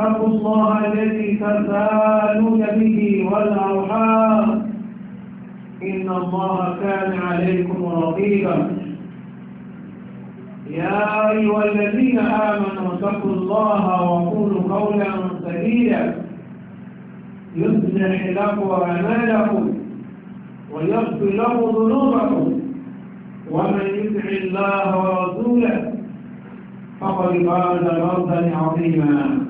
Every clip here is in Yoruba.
اتقوا الله الذي تسالون به والأرحام إن الله كان عليكم رقيبا يا أيها الذين آمنوا اتقوا الله وقولوا قولا سديدا يصلح لكم أعمالكم ويغفر لكم ذنوبكم ومن يطع الله ورسوله فقد فاز فوزا عظيما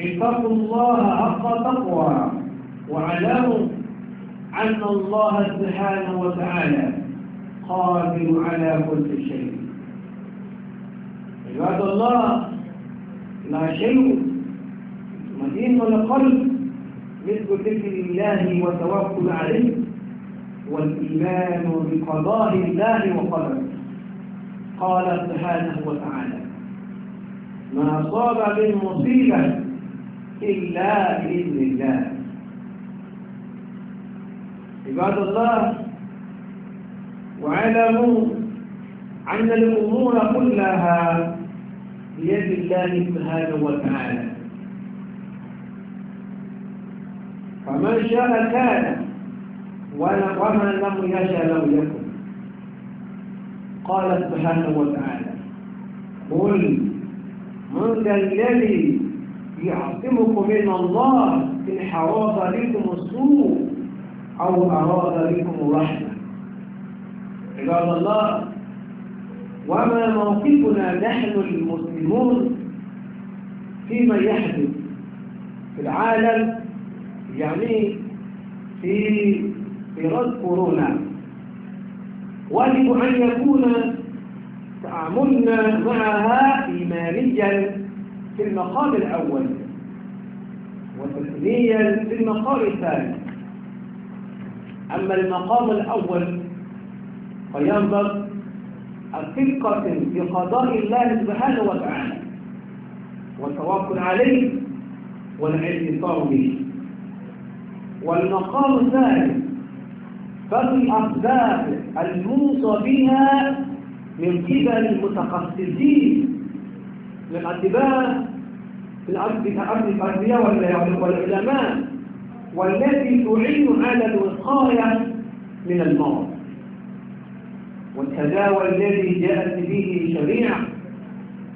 اتقوا الله حق تقوى واعلموا أن الله سبحانه وتعالى قادر على كل شيء عباد الله لا شيء مدين قلب مثل ذكر الله وتوكل عليه والإيمان بقضاء الله وقدره قال سبحانه وتعالى ما أصاب من مصيبة إلا بإذن الله عباد الله واعلموا أن الأمور كلها بيد الله سبحانه وتعالى فمن شاء كان ومن لم يشاء لم يكن قال سبحانه وتعالى قل من ذا الذي يعصمكم من الله إن حرص بكم السوء أو أراد بكم الرحمة عباد الله وما موقفنا نحن المسلمون فيما يحدث في العالم يعني في مرض كورونا واجب أن يكون تعاملنا معها إيمانيا في المقام الأول وتثنيا في المقام الثاني أما المقام الأول فينظر الثقة في قضاء الله سبحانه وتعالى والتوكل عليه والاعتصام به والمقام الثاني ففي الأسباب الموصى بها من قبل المتخصصين الأرض الأطباء الأرضية والعلماء والتي تعين على الوقاية من المرض والتداوى الذي جاءت به شريعة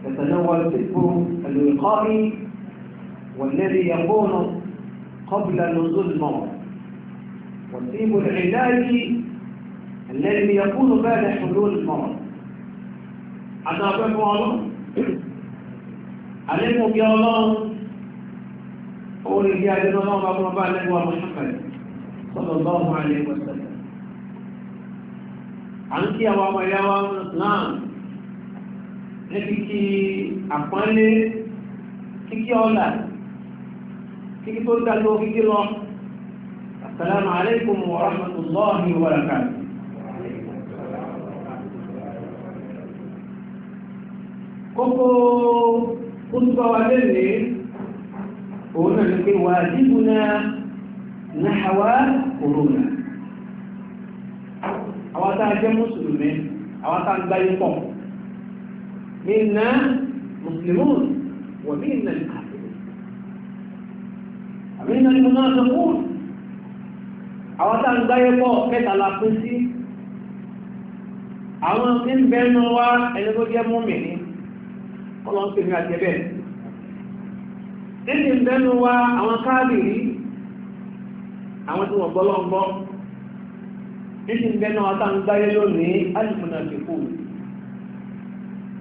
تتناول طب الوقائي والذي يكون قبل نزول المرض والطب العلاج الذي يكون بعد حلول المرض عشان أقول àlékún kí ọlọ́run òun lè rí adéná ọlọ́run bá fún ọba àlékún ọmọ ṣọ́kàlẹ̀ sọ́dọ̀ lọ́wọ́ àlékún ṣẹlẹ̀ à ń kí àwọn ọmọ ìyá wa náà ní kíkí àpọ́nlé kíkí ọ̀la kíkí tó dá kíkí lọ assalamu alaikum wa rahmatullahi kúrúbá wa lẹ́nìí òun náà ní pé wà dìbò náà náhàwá òrónà àwọn tá a jẹ́ mùsùlùmí àwọn tá a ń gbáyé pọ̀ mí mùsùlùmí wọ̀ mí ná ní kàfíìrì àmì ná àwọn tá ń gbáyé pọ̀ mẹ́ta la sí àwọn ọlọ́run pè ní àjẹbẹ́ nínú ìbẹ́nu wa àwọn káàbìrì àwọn tí wọ́n gbọ́ lọ́n gbọ́ nínú ìbẹ́nu wa táwọn gbáyé lónìí alìmọ̀nà àdìkù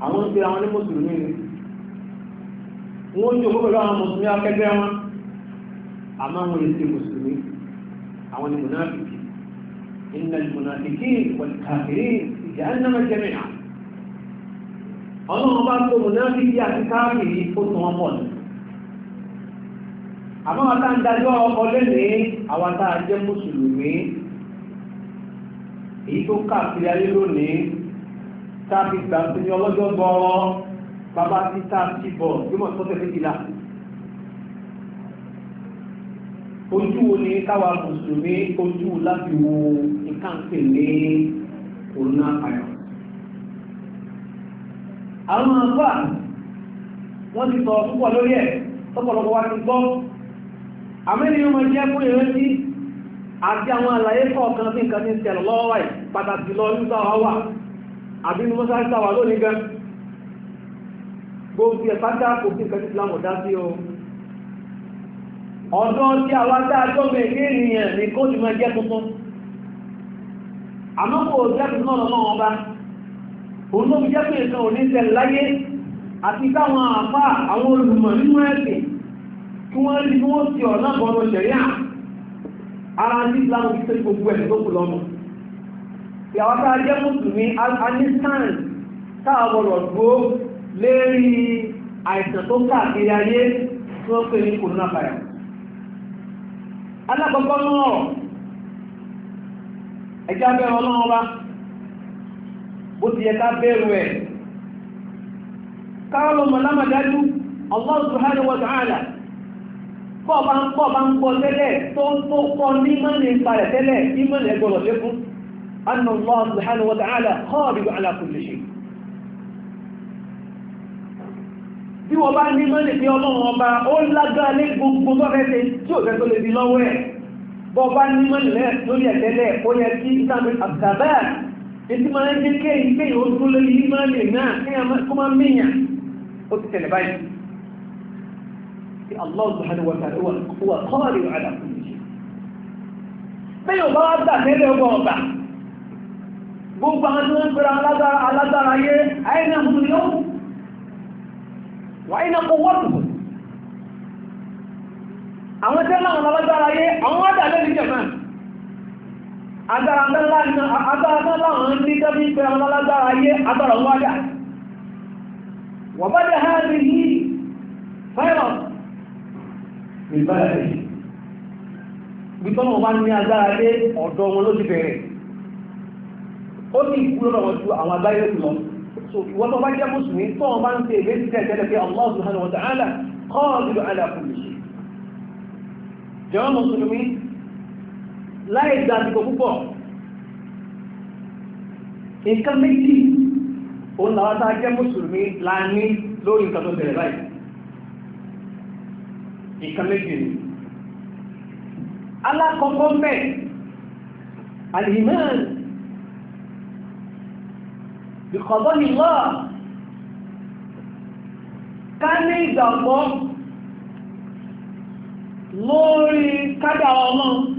àwọn ń pe àwọn ní mùsùlùmí ni wọ́n ń jòkó pẹ̀lú àwọn mùsùlùmí akẹgbẹ́ wọn àmọ́ àwọn ọlọ́run bá tó mọ̀ náà fífi àti káàmì yìí ó tàn án pọ̀ ní. àmọ́ wọn tá ń dájọ́ ọkọ lẹ́nìí àwọn tá a jẹ́ mùsùlùmí èyí tó káàkiri ayé lónìí tá a fi gbà sí ní ọlọ́jọ́ gbọ́ọ́ bàbá tí tá a ti bọ̀ yóò mọ̀ sọ́tẹ̀ ojú wo ni káwa mùsùlùmí ojú láti wo nǹkan pè ní corona virus. àwọn àfà wọ́n ti sọ púpọ̀ lórí ẹ̀ tọ́pọ̀lọpọ̀ wá ti gbọ́ àmẹ́rin yóò jẹ́ fún ìrántí àti àwọn àlàyé kọ̀ọ̀kan sí nǹkan tí ń tẹ̀lọ̀ pàtàkì lọ ní sáwà wà àbí ní mọ́sá sáwà lónìí gan gbogbo ẹ̀ pátá kò sí nǹkan sí o ọ̀dọ́ tí olóògbé jẹ́ pé ìkan ò ní tẹ̀ láyé àti káwọn àfá àwọn olùmọ̀ nínú ẹ̀sìn kí wọ́n rí wọ́n ti ọ̀nà bọ̀rọ̀ ṣẹ̀ríà ara ní ìlànà ìfẹ́ gbogbo ẹ̀ tó kù lọ́nà ìyàwó tá a jẹ́ mùsùlùmí anistan táàbọ̀rọ̀ dúró lérí àìsàn tó káàkiri ayé tí wọ́n pè ní coronavirus alákọ̀ọ́kọ́ náà ẹ̀jẹ̀ abẹ́rẹ́ ọlọ́run ọba bó ti yẹ ká bẹ̀rù ẹ̀ káàlù mọ̀lámàdájú Allah subhanahu wa ta'ala pọ̀bá ń pọ̀bá ń pọ̀ tẹ́lẹ̀ tó ń tó pọ̀ ní mọ́lẹ̀ ń parẹ̀ tẹ́lẹ̀ ní mọ́lẹ̀ gbọ́rọ̀ lékún anna Allah subhanahu wa ta'ala khabiru ala kulli shay bí wọ́n bá ní mọ́lẹ̀ pé ọlọ́run ọba ó lórí ẹ̀tẹ́lẹ̀ ó yẹ kí ìsàmì àgbàbáyà ètí máa ń jẹ́ kéyìí kéyìí ó dúró lórí yìí máa lè náà kéyà kó máa mìíyàn ó ti tẹ̀lé báyìí Allah subhanahu wa ta'ala wà kọ́ọ̀lì àdà fún mi. bẹ́ẹ̀ ọba wa gbà tẹ́lẹ̀ ọgbà ọ̀gbà gbogbo àwọn tí wọ́n ń pera alágbára ayé ayé náà mú yọ wáyé náà kó wọ́pù àwọn tẹ́lẹ̀ àwọn alágbára ayé àwọn wá dà lẹ́nu jẹ̀ náà agbára a ní tẹ́bí pẹ́ ọmọ lágbára ayé agbára wádà wọ́n bá dẹ̀ ha rí ní fẹ́ràn ìbáyàrí bí tọ́nà bá ní agbára dé ọ̀dọ̀ wọn ló ti bẹ̀rẹ̀ ó sì kú lọ́dọ̀ wọn so ìwọ́n tó bá jẹ́ mùsùlùmí tọ́nà bá ń ṣe èdè ti láì gba àsìkò púpọ̀ nǹkan méjì òun làwọn tá a jẹ́ mùsùlùmí la ní lórí nǹkan tó bẹ̀rẹ̀ báyìí nǹkan méjì ni alákọ̀ọ́kọ́ mẹ́ alìmọ́n ìkọ̀bọ́ ni lọ́ọ̀ ká ní ìgbàgbọ́ lórí kádà ọlọ́run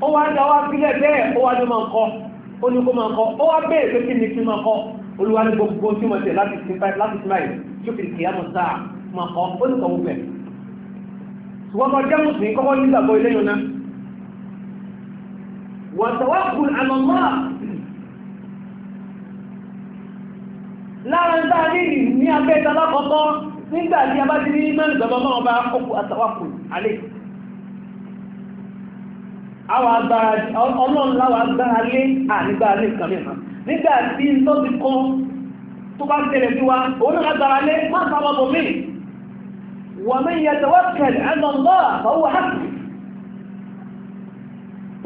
ó wá dá wá sílẹ̀ bẹ́ẹ̀ ó wá ní máa kọ́ ó ní kó máa kọ́ ó wá bẹ́ẹ̀ pé kí ni kí máa kọ́ olúwa ní gbogbo tí mo tẹ̀ láti ti máa tó fi kìí àmọ́ sáà máa kọ́ ó ní kọ̀wọ́ bẹ̀. ṣùgbọ́n kọ́ jẹ́ mùsùlùmí kọ́kọ́ ní ìgbàgbọ́ ilé yọ̀nà wọ́n tẹ̀wá kùn àmọ́mọ́ lára ń dáa nílì ní abẹ́ta lákọ̀ọ́kọ́ nígbà tí a bá ti ní mẹ́rin gbàgbọ́ ọlọ́run láwà gbára lé ànígbára lé nǹkan mìíràn nígbà tí tó ti kọ́ tó bá tẹ̀lẹ̀ sí wa òun náà gbára lé má sábà bọ̀ mí wà mí yẹ tẹ̀wọ́ kẹ̀lẹ̀ ẹ̀nà lọ́ àfọwọ́ hàpù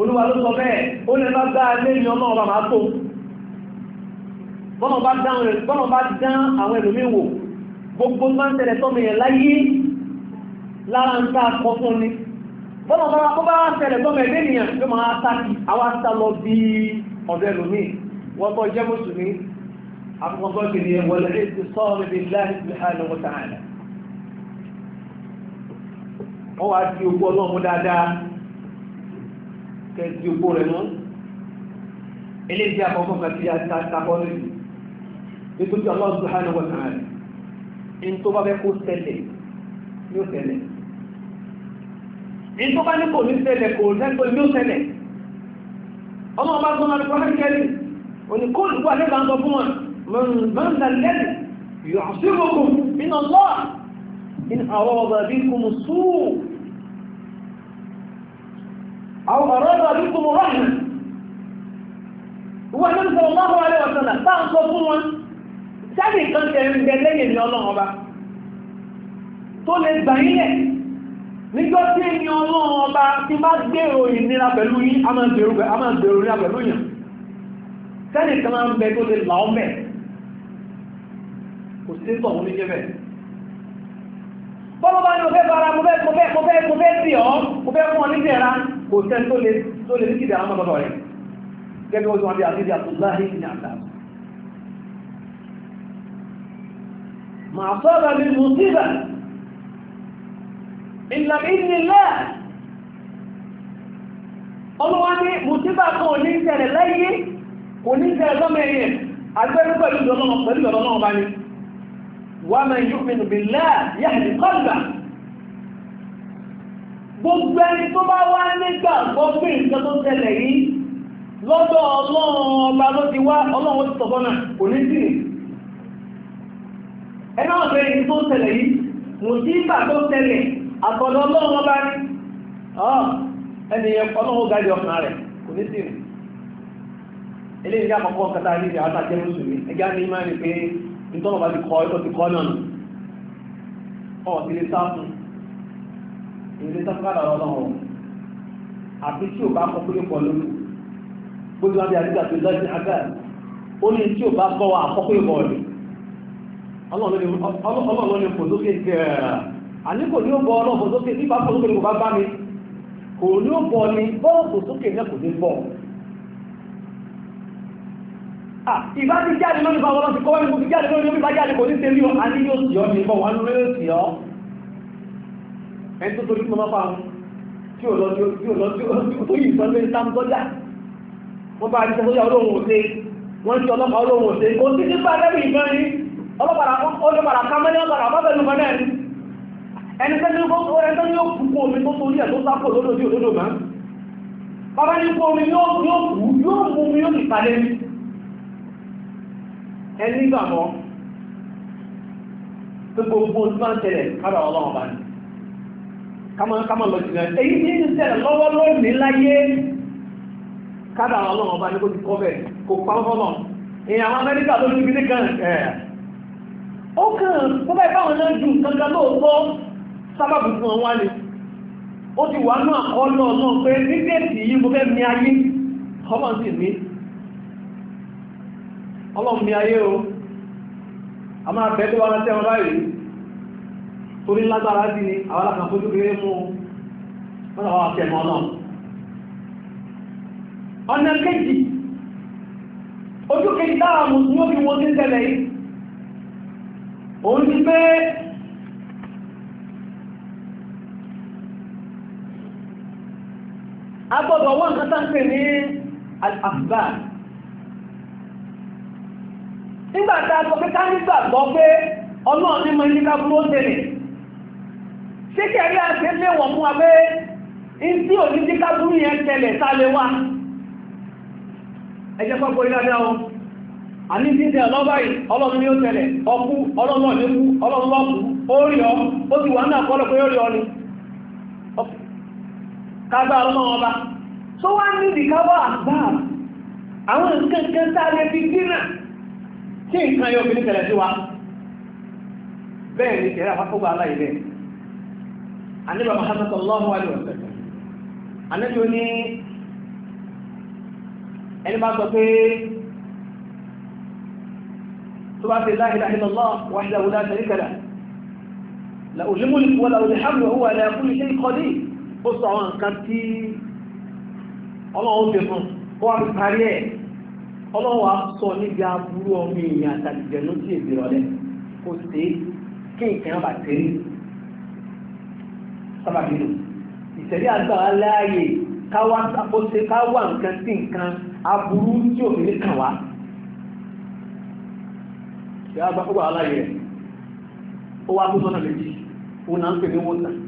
olúwa ló sọ bẹ́ẹ̀ ó lè bá gbára lé ní ọmọ ọba máa tó bọ́nà bá dán àwọn ẹlòmíín wò gbogbo máa ń tẹ̀lẹ̀ tọ́mìyàn láyé lára ń tá a kọ́ bọ́nà bára kó bá tẹ̀lẹ̀ tọ́mọ̀ ẹ̀dẹ́ nìyàn ló máa sáàkì àwọn asá lọ bí ọ̀dẹ́ lómi wọ́n bọ́ jẹ́ mùsùlùmí àfọwọ́bọ́ kìíní wọlé ètò sọ́ọ̀rọ̀ bí láì fi hàn wọ́n tàn án wọ́n wá di ogbó ọlọ́mú dáadáa kẹ́ di ní tó bá ní kò ní ṣẹlẹ̀ kò lẹ́gbẹ́ ní ó ṣẹlẹ̀ ọmọ ọba tó máa ní kọ́lá kẹ́lì òní kó lùkú àlẹ́bà ń sọ fún wọn mọ̀nà lẹ́lì yóò sí gbogbo nínú lọ́ in àwọn ọba bí kò mú sú àwọn ọ̀rọ̀ ọba bí kò mú rọ́ọ̀nù wọ́n ní sọ ọmọ ọba rẹ̀ ọ̀sán náà bá ń sọ fún wọn sẹ́ni kan tẹ̀ ń bẹ nígbọ́ tí èmi ọlọ́run ọba ti bá gbèrò ìnira pẹ̀lú yí a máa gbèrò ìnira pẹ̀lú yàn sẹ́nì kan máa ń bẹ tó lè là ọ́ mẹ́ kò sí tọ̀ wọ́n ní jẹ́ bẹ́ẹ̀ bọ́lá bá ní mo fẹ́ bára mo fẹ́ mo fẹ́ mo fẹ́ mo fẹ́ ìlà ìnìlá ọlọ́wọ́ ní mùsíbà kan òní ìṣẹ̀lẹ̀ lẹ́yìn òní ìṣẹ̀lẹ̀ lọ́mọ ẹ̀yẹ agbẹ́rú pẹ̀lú ìdọ̀lọ́mọ pẹ̀lú ìdọ̀lọ́mọ bá ní wà man yu'minu billah gbogbo ẹni tó bá wá nígbà gbọ́gbé ọba àkọlọ ọlọ́run ọba ní ẹnìyẹn ọlọ́run gáàdì ọkàn rẹ̀ kò ní sí àkọ́kọ́ a nílẹ̀ mùsùlùmí ni pé ti kọ́ ti kọ́ náà nù ọ̀ ti lè sá fún ọlọ́run àti tí ò bá kọ́ pé àgbà ó ní tí ò bá kọ́ wa àkọ́kọ́ ọlọ́run ló ní kò àní kò ní ó bọ ọlọ́bọ̀ sókè bí bàbá sókè kò bá bá mi kò ní ó bọ ni bọ́ọ̀bù sókè kò ní bọ̀. ìbá ti jáde lórí bá wọn ti kọ́ ti jáde lórí bá jáde kò ní ṣe rí ọ àní yóò sì ní wọn lórí ẹni tó torí máa tí ò lọ tí ò lọ tí ò lọ tó yìí wọ́n ẹni tẹ́lẹ̀ yóò kú kó omi tó torí ẹ̀ tó sápò lódò bí òdòdó máa bàbá ní kó omi yóò kú yóò mú mi yóò ìpàdé mi ẹni gbàmọ́ tó gbogbo tó máa ń tẹ̀lẹ̀ kábà ọlọ́run bá ní kámọ́ lọ sí náà èyí tí ń ṣẹlẹ̀ lọ́wọ́ lónìí láyé kábà ọlọ́run bá ní kó ti kọ́ bẹ̀ kó pàmọ́ èèyàn amẹ́ríkà ló ti fi ní kan ẹ̀ ó kàn kó bẹ́ẹ̀ báwọn náà ju nǹkan kan lóòótọ́ sábàbù fún ọwá ni ó ti wà náà ọlọ́ náà pé nígbèsì yìí mo fẹ́ mi ayé ọlọ́run sì ní ọlọ́run mi ayé o a máa bẹ́ẹ̀ tó wá lọ́tẹ́ wọn báyìí torí lágbára sí ni àwọn alákan fojú kéré mú wọn làwọn àtẹ̀mọ́ náà ọ̀nà kejì agbọ́dọ̀ wọ́n kan sáńpẹ̀ ní àfbà nígbà tá a sọ pé ká nígbàgbọ́ pé ọlọ́run ní mọ ní ká burú tẹ̀lé ṣé kẹrí àṣẹ léwọ̀n fún wa pé ní ò ní ká yẹn wa ẹjẹ́ pọ́pọ́ àní ọ kágbá ọlọ́run ọba tó wá nídìí káwọ́ àgbáà àwọn nǹkan kan sáré fi dínà tí nǹkan yóò fi ní tẹ̀lẹ̀ sí wa bẹ́ẹ̀ ni tẹ̀lé àfáfọ́gbà aláì bẹ́ẹ̀ anábà Muhammad sallallahu alaihi wa sallam anábà ní ẹni bá sọ pé tó bá fi la ilaha illallah wahdahu la sharika lahu lahu al-mulku wa lahu ó sọ àwọn nǹkan tí ọlọ́run ti fún kó wá fi parí ẹ̀ ọlọ́run wa sọ níbi aburú ọmọ èèyàn àtàlìjẹ ló sì èdè rọlẹ̀ kò sí kí nǹkan bá tẹ̀lé sábàbí ìṣẹ̀lẹ̀ àgbàrá láàyè káwá àkóso káwá nǹkan sí nǹkan aburú tí òfin lè kàn wá ìyá si láàyè ó wá o méjì òun náà ń pè ní wọ́n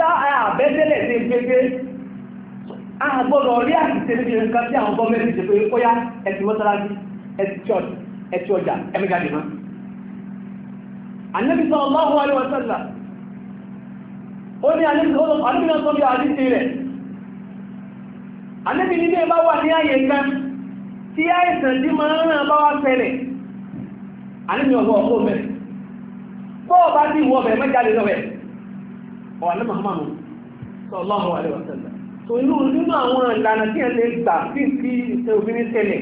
tá àbẹ́tẹ́lẹ̀ ní pépé a gbọ́dọ̀ rí àtìsẹ́ níbi nǹkan tí àwọn gọ́ọ̀mẹ́ntì ṣe pé ó yá ẹ̀sìn mọ́sálásí ẹ̀sìn church ẹ̀sìn ọjà ẹ̀mẹ́gàdì mọ́ Ànábì sallallahu alaihi wasallam ó ní Ànábì náà sọ bí àdíṣe rẹ̀ Ànábì ní bẹ́ẹ̀ bá wà ní àyè kan tí àìsàn tí máa ń ràn bá wá fẹ́lẹ̀ Ànábì ọ̀gọ́ ọ̀gọ́ mẹ́rin bọ́ọ̀ bá ti wọ̀ bẹ̀ mẹ́jáde lọ́wẹ́ ọ̀lẹ́ Muhammadu sallallahu alaihi wasallam tó inú nínú àwọn ìlànà tí ẹ̀ lè gbà sí sí ìṣẹ́ obìnrin tẹ́lẹ̀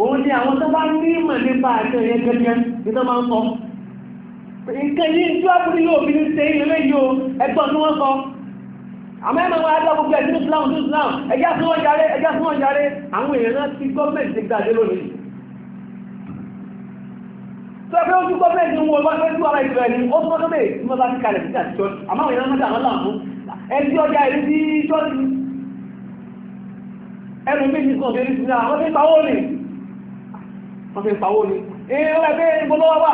òun ni àwọn tó bá ní ìmọ̀ nípa àti ẹ̀yẹ gẹ́gẹ́ ní tó máa ń sọ nǹkan yìí tí wọ́n fún ní obìnrin ṣe ilé lẹ́yìn o ẹgbọ́n tí wọ́n sọ àmọ́ ẹ̀mọ̀ wọn adọ́ gbogbo ẹ̀sìn Islam Islam ẹjá sí wọn járe ẹjá sí wọn járe àwọn èèyàn náà ti gọ́ọ̀mẹ̀ntì gbàdé lónìí tọ́fẹ́ ojú gọ́fẹ́ ní wọn bá fẹ́ tú ara ìfẹ́ ni ó tọ́ tọ́bẹ̀ tí wọ́n bá ti kalẹ̀ sí àti ṣọ́ọ̀ṣì àmọ́ àwọn ìrànlọ́dà àwọn làmú ẹbí ọjà ìlú sí ṣọ́ọ̀ṣì ẹnu méjì kan fẹ́ sí náà wọ́n fẹ́ pawó ni wọ́n fẹ́ pawó ni ee wọ́n fẹ́ gbọ́dọ̀ wà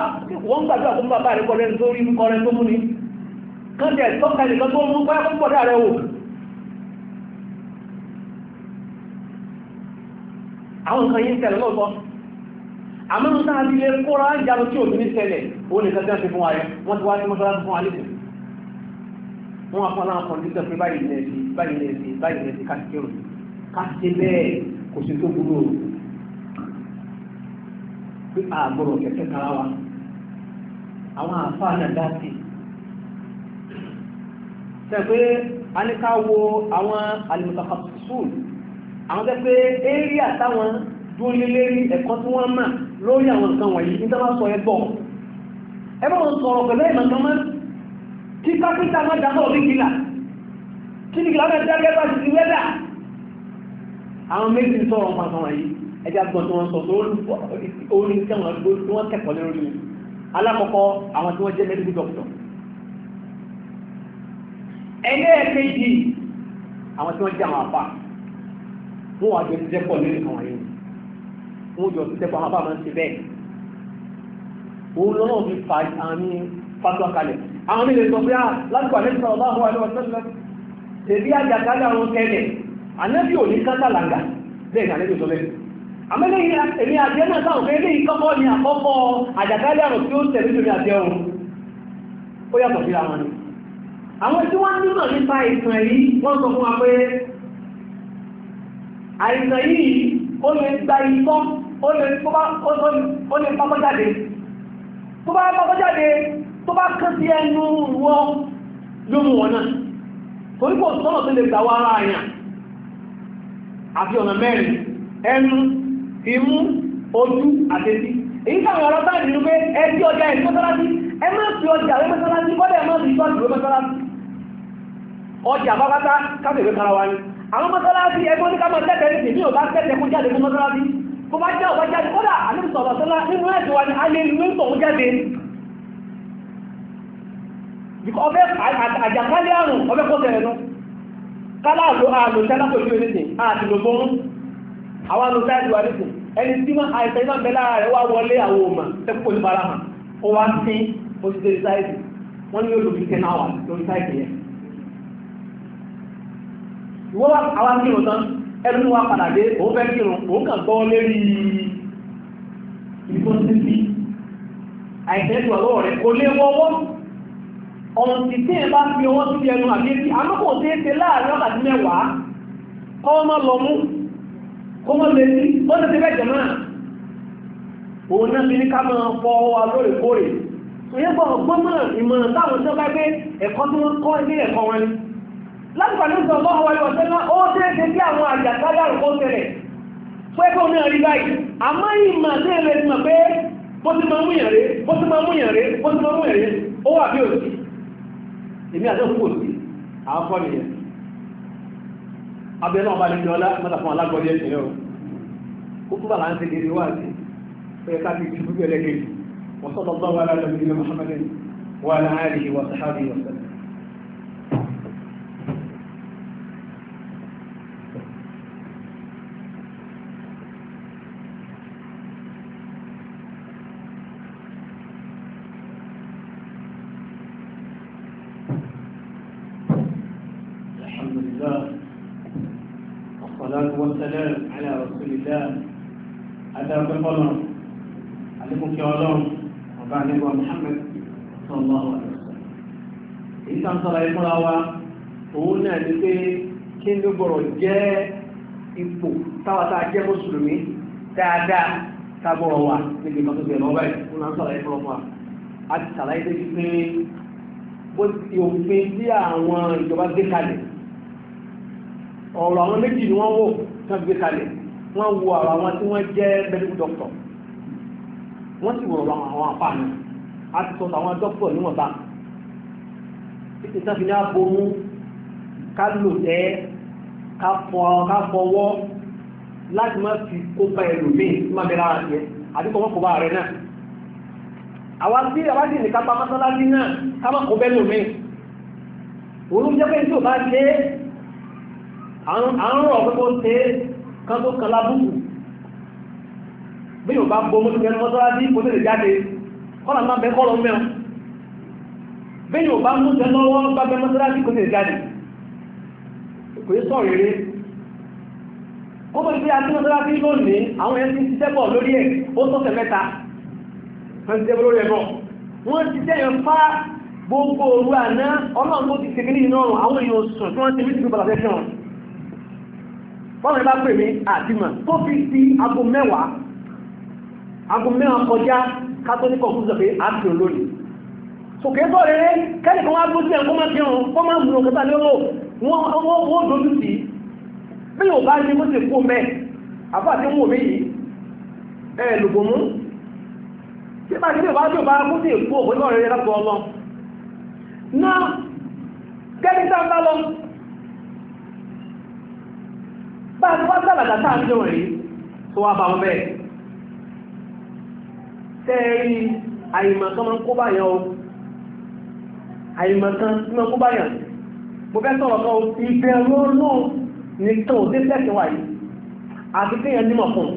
wọ́n gbàdúrà fún bàbá rẹ̀ kọ́lẹ́ nítorí kọ́lẹ́ tó mú ni kọ́ńtẹ̀ tọ́kalẹ̀ kan tó mú báyà fún bọ̀dá rẹ̀ wò àwọn nǹkan yìí ń tẹ̀lé lọ́gbọ́n àmọ́nù náà bí lè kóra ń jábọ̀ tí òbí ní ṣẹlẹ̀ ó lè tẹ́tẹ́ ṣe fún wa rẹ̀ wọ́n ti wá sí mọ́sálásí fún wa lè wọ́n wá fún aláwọ̀ kọ̀ǹdíṣọ̀ pé báyìí lè ṣe báyìí lè ṣe báyìí lè ṣe káṣíkẹ́rù káṣíkẹ́ bẹ́ẹ̀ kò sí tó burú o pé àgbọ̀rọ̀ kẹ̀kẹ́ kára wa àwọn àfa náà dá sí ṣe pé a ní ká wo àwọn alimọ̀tàkàṣùn àwọn tẹ́ éèrí àtàwọn dúró lé lérí ẹ̀kọ́ tí wọ́n máa lórí àwọn nǹkan wọ̀nyí ní tó bá sọ ẹgbọ́ ẹgbọ́n sọ̀rọ̀ pẹ̀lú ìmọ̀ kan mọ́ kí kápítà má dámọ̀ bí kìlà kí ni kìlà bẹ́ẹ̀ dágẹ́ bá ti ti wẹ́dà àwọn méjì sọ̀rọ̀ nǹkan kan wọ̀nyí ẹjẹ́ agbọ̀n tí wọ́n sọ orí kẹwọn tí wọ́n kẹ́kọ̀ọ́ lórí mi alákọ̀ọ́kọ́ àwọn tí wọ́n jẹ́ medical doctor ẹlẹ́ẹ̀kejì àwọn tí wọ́n jẹ́ àwọn àpá wọ́n wà jẹ́ jẹ́pọ̀ lórí kan wọ̀nyí wọ́n jọ ṣiṣẹ́ pọ̀ àbá máa ń ṣe bẹ́ẹ̀. òun lọ́nà fi fa àmì fatua kalẹ̀. àwọn mi lè sọ pé ah, lásìkò àlẹ́ sọ̀rọ̀ bá wà lọ́wọ́ sẹ́lẹ̀ tẹ̀lé àjàkálẹ̀ àwọn tẹ́lẹ̀ ànẹ́bí ò ní káńtà làǹgà bẹ́ẹ̀ ni ànẹ́bí ò sọ bẹ́ẹ̀. àmẹ́lẹ́yìn èmi àjẹ́ náà sáwọn pé eléyìí kọ́kọ́ ni àkọ́kọ́ àjàkálẹ̀ àrùn tí ó tẹ̀lé lórí àjẹ́ òun ó yàtọ̀ síra wọn ni àwọn tí wọ́n nímọ̀ nípa ìtàn yìí wọ́n sọ fún wa pé àìsàn yìí ó lè gba ikọ́ ó lè pápọ́ jáde tó bá pápọ́ jáde tó bá kán sí ẹnu wọ́ ló mú wọn náà torí kò sọ́nà tó lè gbà wá ara àyàn àti ọ̀nà mẹ́rin ẹnu imú ojú àtẹ́sí èyí táwọn ọ̀rọ̀ táàdì ní pé ẹbí ọjà ẹ̀ mọ́sálásí ẹ má fi ọjà rẹ mọ́sálásí kọ́dẹ̀ má fi ṣọ́ọ̀tì rẹ mọ́sálásí ọjà bákátá káfíìwé kára wa ni àwọn mọ́sálásí ẹgbẹ́ oníkàmọ́ tẹ́tẹ̀ẹ́ ní ìdí ò bá tẹ́tẹ̀ẹ́ kó jáde fún mọ́sálásí kó bá jẹ́ ọ̀bá jáde kódà àníbìsọ̀rọ̀ sọ́lá nínú ẹ̀sìn wa ni a lè ní tòun jáde ọbẹ̀ àjàkálẹ̀ àrùn ọbẹ̀ kó tẹ̀lẹ̀ nú kálá àlò àlò tẹ́lá pẹ̀lú ẹnìtì àti lògbóhún àwọn àlò sáìdì wà nìtì ẹni tí wọ́n àìsàn iná bẹ́lá rẹ̀ wá wọlé àwọn òmà tẹ́kù ní bára hàn ó wá sí oṣìṣẹ́ sáìdì wọ́n ní olùbí tẹ́ náà wà lórí sáìdì yẹn ìwọ́n àwọn akíyàn tán ẹnu wa padà dé òun fẹ́ kírun òun kàn gbọ́ lérí ìbọn títí àìsẹ́jú àlọ́ rẹ̀ kò lé wọ́wọ́ ọ̀rùn tí tí ẹ bá fi ọwọ́ sí ẹnu àbíyèsí àmọ́kò tí ṣe láàrin wákàtí mẹ́wàá kọ́ mọ́ lọ mú kó mọ́ lè sí bọ́dẹ̀ ti bẹ́jẹ̀ náà láti pàdé ìsọ̀ ọmọ àwọn ìwọ̀n tẹ́lá ó déédé bí àwọn àjàkálẹ̀ àrùkó tẹ̀lẹ̀ pẹ́kọ́ ní àrí báyìí àmọ́ ìmọ̀ sí ẹ̀rẹ́ ti mọ̀ pé bó ti máa múyàn rẹ̀ bó ti máa múyàn rẹ̀ bó ti máa múyàn rẹ̀ ó wà bí òsì èmi àti òkú òsì àwọn o kókó bá láǹtí gidi wá sí ẹ̀yẹ ká fi ìtìbú bẹ̀rẹ̀ gidi wọ́n sọ́tọ̀ bá wà lára ìlú Muhammadin wà láàárín wa sàhábì wa الله والصلاة والسلام على رسول الله أدى بالقلم عليكم يا الله وبعد محمد صلى الله عليه وسلم إذا صلى الله عليه òun náà ni pé kí ló gbọ́rọ̀ jẹ́ ipò táwàtà jẹ́ mùsùlùmí dáadáa tábọ̀rọ̀ wà níbi ìkan tó bẹ̀rẹ̀ lọ́wọ́ ẹ̀ fún náà sàlàyé fún ọmọ a ti sàlàyé débi pé bó ti òfin tí àwọn ìjọba gbé kalẹ̀ ọ̀rọ̀ àwọn méjì ni wọ́n wò tán gbé kalẹ̀ wọ́n wo ọ̀rọ̀ àwọn tí wọ́n jẹ́ medical doctor wọ́n sì wọ̀ ọ̀rọ̀ àwọn àpáàmì a ti sọ àwọn doctor níwọ̀nba títí tán fi ní abomu ká lò tẹ́ ká fọwọ́ láti má fi kópa ẹlòmíì tí má bẹ̀rẹ̀ ara tiẹ̀ àdúgbò wọn kò bá rẹ̀ náà àwọn tí àwọn tí mọ́sálásí náà ká má kó bẹ́ẹ̀ lòmíì òun jẹ́ pé tí ò bá ṣe àrùn ọ̀pọ̀ tẹ́ kan tó kan lábùkù bí yóò bá bọ́ mọ́tò mẹ́rin mọ́tò láti kò tẹ́lẹ̀ jáde kọ́nà máa bẹ́ kọ́lọ mẹ́rin bí yóò bá mú tẹ́ lọ́wọ́ bá bẹ́ mọ́tò láti kò tẹ́lẹ̀ jáde kò yẹ sọ rere ó bọ́ sí àti mọ́tò láti lónìí àwọn ẹni ti tẹ́ bọ̀ lórí ẹ̀ ó tọ́sẹ̀ mẹ́ta wọ́n ti tẹ́ bọ̀ lórí ẹ̀ bọ̀ wọ́n ti tẹ́ yẹn fá gbogbo òru àná ọlọ́run tó ti tẹ̀lé ìnáwó àwọn èèyàn sùn tí wọ́n ti mí bọ́ọ̀rẹ́ bá pè mí àdìmọ̀ tó fi sí aago mẹ́wàá aago mẹ́wàá kọjá kátólí kọ̀ọ̀kú sọ pé a kìrò lónìí sòkè bọ́ rere kẹ́lì kan wá bó sí ẹ̀kọ́ máa kírun kọ́ máa mú òkúta lérò wọ́n dojú sí bí yóò bá ní mọ́sẹ̀ kó mẹ́ àbá àti wọ́n mi yìí ẹ̀ lòbò mú tí bá ti bí ìwà tó bá mọ́sẹ̀ kó òkúta rere lápò ọlọ́ náà kẹ́lì tá a bá lọ bá a ti wá ń jọ rí tó wá bá wọn bẹ́ẹ̀ tẹ́ẹ̀rí àìmọ̀kan máa ń kó báyàn àìmọ̀kan tí máa kó báyàn mo fẹ́ sọ̀rọ̀ kan ìbẹ̀rù ọlọ́run nìkan ò dé tẹ̀sí wa yìí àti kéèyàn nímọ̀ fún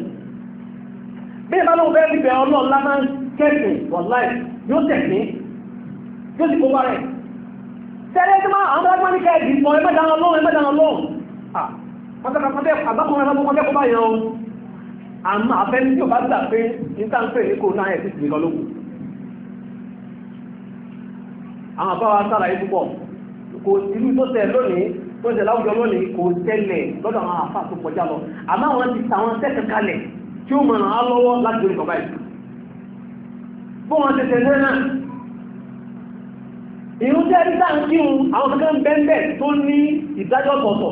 bí ìbá lóun fẹ́ bíbẹ̀ ọlọ́run àmà àfẹ́ni tí ò bá gbà pé ìtànfẹ́ ní kò náà ẹ̀sì ìgbìkan lókù àwọn àbáwá sára yìí púpọ̀ kò ìlú tó tẹ̀ lónìí tó tẹ̀ láwùjọ lónìí kò tẹ̀lẹ̀ lọ́dọ̀ àwọn àfà tó kọjá lọ àmà wọn ti tàwọn tẹ́tẹ̀ kalẹ̀ tí ó mọ̀ràn á lọ́wọ́ láti orí bàbá yìí bó wọn ti tẹ̀lé náà ìrúnjẹ́ ìtàǹkì àwọn kankan bẹ́ẹ̀ tó ní ìdájọ́ tọ̀tọ̀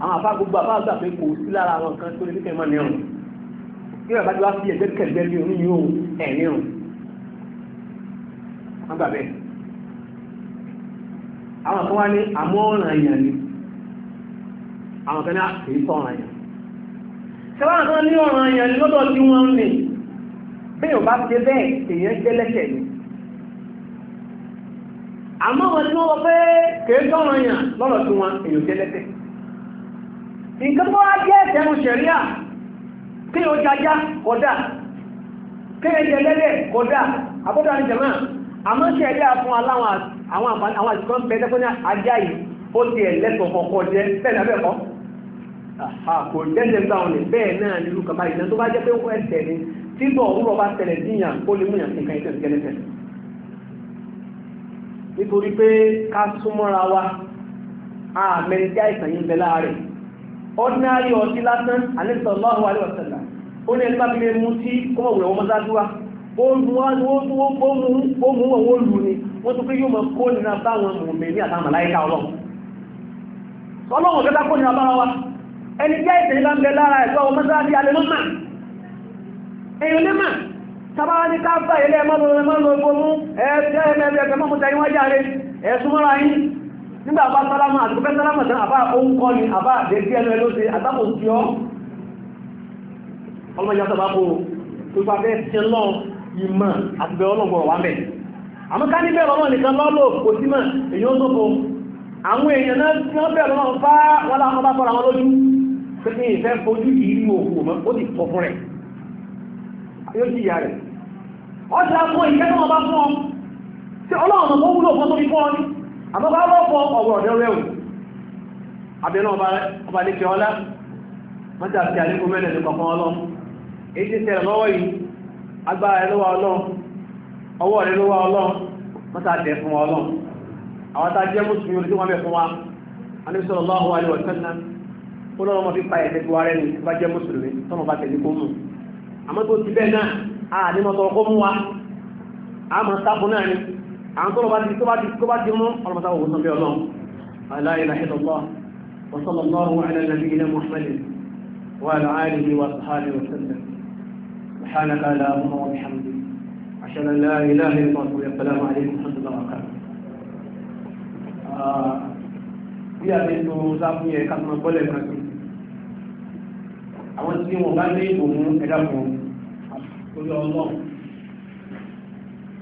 àwọn àfá gbogbo àfá àgbà pé kò sí lára àwọn kan tó lè ní kẹ́mọ́ nírun kí wọ́n bá ti wá sí ẹgbẹ́ kẹgbẹ́ bí oní yóò ẹ̀ nírun wọ́n gbà bẹ́ẹ̀ àwọn kan wá ní àmọ́ ọ̀ràn èèyàn ni àwọn kan ní àkèyí sọ ọ̀ràn èèyàn ṣẹwọ́n kan ní ọ̀ràn èèyàn ni lọ́dọ̀ tí wọ́n ń nì bẹ́ẹ̀ ò bá ṣe bẹ́ẹ̀ èèyàn jẹ́ lẹ́sẹ̀ ni àmọ́ wọn tí wọ́n wọ pé kèé sọ̀ràn èèyàn lọ́dọ̀ tí wọ́n èèyàn jẹ́ lẹ́sẹ̀ nǹkan tó wá jẹ́ ẹ̀tẹ̀nu ṣẹ̀ríà kí o jajá kódà kí o jẹlẹ́lẹ̀ kódà àbúdá ní jẹ̀mọ́ àmọ́ ṣẹ̀ríà fún aláwọn àwọn àti kan pẹ̀lẹ́ fún ajá yìí ó ti ẹ̀lẹ́tọ̀ kọ̀ọ̀kọ̀ jẹ́ bẹ́ẹ̀ bẹ́ẹ̀ kọ́ kò lẹ́sẹ̀ gbà wọn bẹ́ẹ̀ náà ní irú kaba ìdán tó bá jẹ́ pé ó ẹ̀sẹ̀ ni tí bọ̀ òwúrọ̀ bá tẹ̀lẹ̀ díyàn ó lè múyàn sí nǹkan nítorí pé ká súnmọ́ra wa àmẹ́ńtí àìsàn yìí bẹ láàárín ordinary ọtí lásán alẹ́sọ̀lọ́rùn alẹ́wọ̀sẹ̀lá ó ní ẹgbà bí lè mú tí kọ́mọ̀ wùrẹ̀ wọn mọ́sájúwá ó mú wọn lù ní wọ́n tó pé yóò mọ̀ kó nínú àbáwọn mọ̀mẹ́ ní àtàwọn màláíkà ọlọ́run ọlọ́run kẹta kó nínú àbára wa ẹni jẹ́ ìtẹ̀lẹ́ bá ń bẹ lára ẹ̀kọ́ ọmọ mọ́sájú alẹ́ mọ́mà èèyàn lè mà sábàá ní ká bá ilé ẹmọ́ lọ ẹmọ́ lọ ẹgbọ́ nígbà bá sálámà àti pẹ́ sálámà tán àbá òun kọ́ ni àbá àdẹ́sí ẹnu ẹló ṣe àtàkò sí ọ́ ọmọ ìyá sọ̀bá kò tó bá fẹ́ ṣe lọ ìmọ̀ àti bẹ̀rẹ̀ ọlọ́gbọ̀n wà mẹ́ àmọ́ ká ní bẹ̀rẹ̀ ọlọ́run nìkan lọ́lọ́ kò sí mọ̀ èyí ó sọ́kọ àwọn èèyàn náà tí wọ́n bẹ̀rẹ̀ ọlọ́run bá wọn láwọn bá fọ́ra wọn lójú pé kí ìfẹ́ fojú ìrí òkú mọ́ ó sì àbọ́bá lọ́pọ̀ ọ̀wọ̀ ọ̀dọ́ rẹ̀wù àbẹ̀nà ọba ní kíọ́lá mọ́ta àti àríkú mẹ́lẹ̀ ní kọ̀kan ọlọ́ èyí ti tẹ̀rẹ̀ lọ́wọ́ yìí agbára ẹlọ́wà ọlọ́ ọwọ́ rẹ̀ lọ́wọ́ ọlọ́ mọ́ta tẹ̀ fún ọlọ́ àwọn tá jẹ́ mùsùlùmí orí tí wọ́n bẹ̀ fún wa anísọ̀rọ̀ lọ́wọ́ alẹ́ ọ̀tẹ́nà ó lọ́wọ́ mọ́ fi pa ẹ̀sẹ̀ tí wà rẹ̀ ní bá jẹ́ mùsùlùmí tọ́mọ bá tẹ̀lé kó mú àmọ́ tó ti bẹ́ẹ̀ náà a ní mọ́tọ̀ ọkọ́ mú wa a mọ̀ sáfún náà ni عن طول بعد كوبا كوبا جمو الله متعال وصل بيا لهم لا إله إلا الله وصلى الله على نبينا محمد وعلى آله وصحبه وسلم سبحانك لا إله إلا أنت عشان لا إله إلا الله والسلام عليكم ورحمة الله وبركاته Bí a ti tó sáfù yẹ ká tó gbọ́lẹ̀ kan tó. Àwọn tí wọ́n bá ní òun ẹ̀dá fún ọ̀sán.